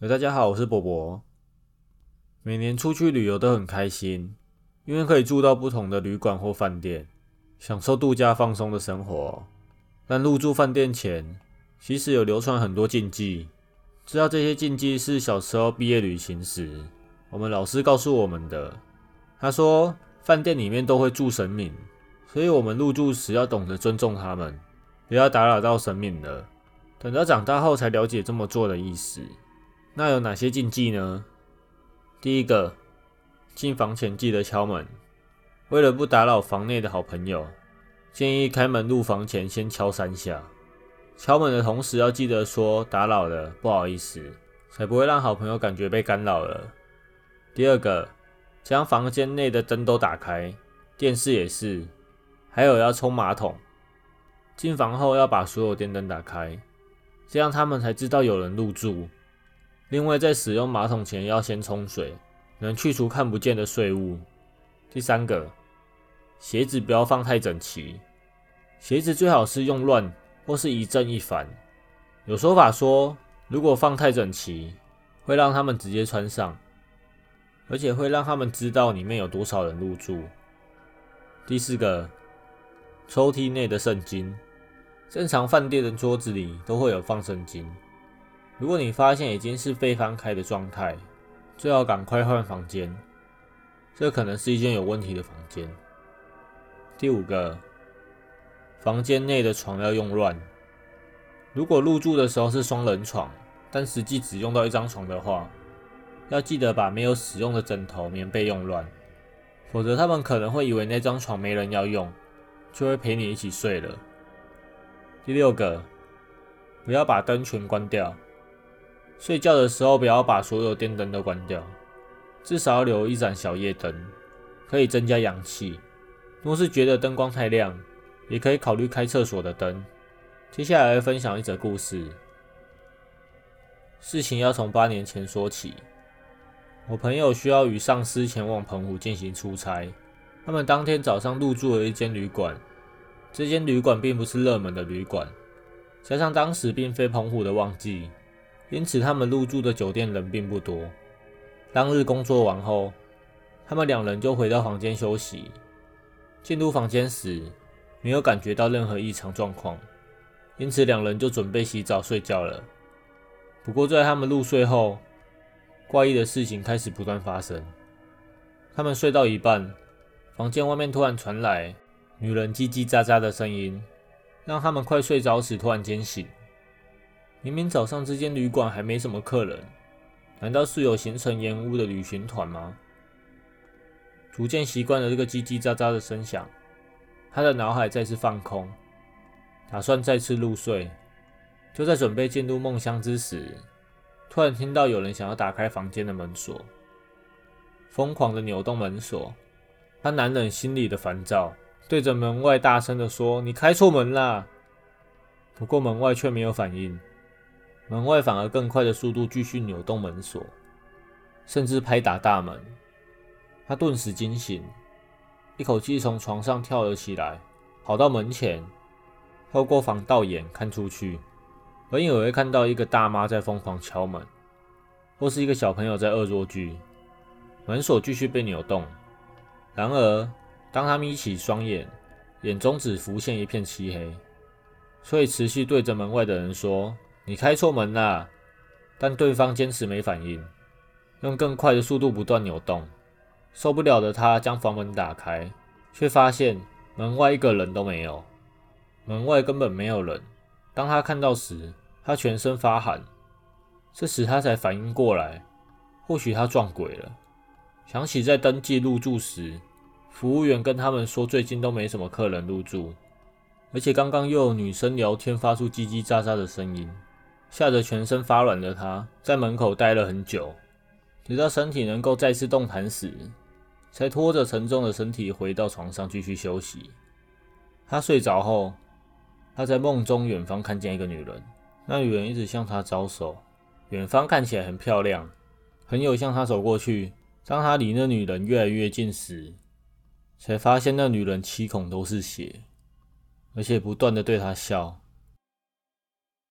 大家好，我是伯伯。每年出去旅遊都很開心，因為可以住到不同的旅館或飯店，享受度假放鬆的生活。但入住飯店前，其實有流傳很多禁忌。知道這些禁忌是小時候畢業旅行時，我們老師告訴我們的。他說，飯店裡面都會住神明，所以我們入住時要懂得尊重他們，不要打擾到神明了。等到長大後才了解這麼做的意思。那有哪些禁忌呢？第一個，進房前記得敲門，為了不打擾房內的好朋友，建議開門入房前先敲三下。敲門的同時要記得說“打擾了，不好意思”，才不會讓好朋友感覺被干擾了。第二個，將房間內的燈都打開，電視也是，還有要沖馬桶。進房後要把所有電燈打開，這樣他們才知道有人入住。另外，在使用馬桶前要先沖水，能去除看不見的碎物。第三個，鞋子不要放太整齊，鞋子最好是用亂或是一正一反。有說法說，如果放太整齊，會讓他們直接穿上，而且會讓他們知道裡面有多少人入住。第四個，抽屜內的聖經，正常飯店的桌子裡都會有放聖經。如果你發現已經是被翻開的狀態，最好趕快換房間。這可能是一間有問題的房間。第五個，房間內的床要用亂。如果入住的時候是雙人床，但實際只用到一張床的話，要記得把沒有使用的枕頭、棉被用亂，否則他們可能會以為那張床沒人要用，就會陪你一起睡了。第六個，不要把燈全關掉。睡覺的時候不要把所有電燈都關掉，至少要留一盞小夜燈，可以增加氧氣。若是覺得燈光太亮，也可以考慮開廁所的燈。接下來來分享一則故事。事情要從八年前說起，我朋友需要與上司前往澎湖進行出差，他們當天早上入住了一間旅館。這間旅館並不是熱門的旅館，加上當時並非澎湖的旺季。因此，他們入住的酒店人並不多。當日工作完後，他們兩人就回到房間休息。進入房間時，沒有感覺到任何異常狀況，因此兩人就準備洗澡睡覺了。不過，在他們入睡後，怪異的事情開始不斷發生。他們睡到一半，房間外面突然傳來女人嘰嘰喳喳的聲音，讓他們快睡着時突然驚醒。明明早上這間旅館還沒什麼客人，難道是有行程延誤的旅行團嗎？逐漸習慣了這個嘰嘰喳喳的聲響，他的腦海再次放空，打算再次入睡。就在準備進入夢鄉之時，突然聽到有人想要打開房間的門鎖，瘋狂的扭動門鎖。他難忍心裡的煩躁，對着門外大聲的說：“你開錯門啦！”不過門外卻沒有反應。門外反而更快的速度繼續扭動門鎖，甚至拍打大門。他頓時驚醒，一口氣從床上跳了起來，跑到門前，透過防盜眼看出去，本以為會看到一個大媽在瘋狂敲門，或是一個小朋友在惡作劇。門鎖繼續被扭動。然而，當他眯起雙眼，眼中只浮現一片漆黑，所以持續對着門外的人說。你開錯門啦、啊，但對方堅持沒反應，用更快的速度不斷扭動，受不了的他將房門打開，卻發現門外一個人都沒有，門外根本沒有人。當他看到時，他全身發寒。這時他才反應過來，或許他撞鬼了。想起在登記入住時，服務員跟他們說最近都沒什麼客人入住，而且剛剛又有女生聊天，發出嘰嘰喳喳的聲音。嚇得全身發軟的他，在門口待了很久，直到身體能夠再次動彈時，才拖着沉重的身體回到床上繼續休息。他睡着後，他在夢中遠方看見一個女人，那女人一直向他招手，遠方看起來很漂亮，很有向他走過去。當他離那女人越來越近時，才發現那女人七孔都是血，而且不斷地對他笑。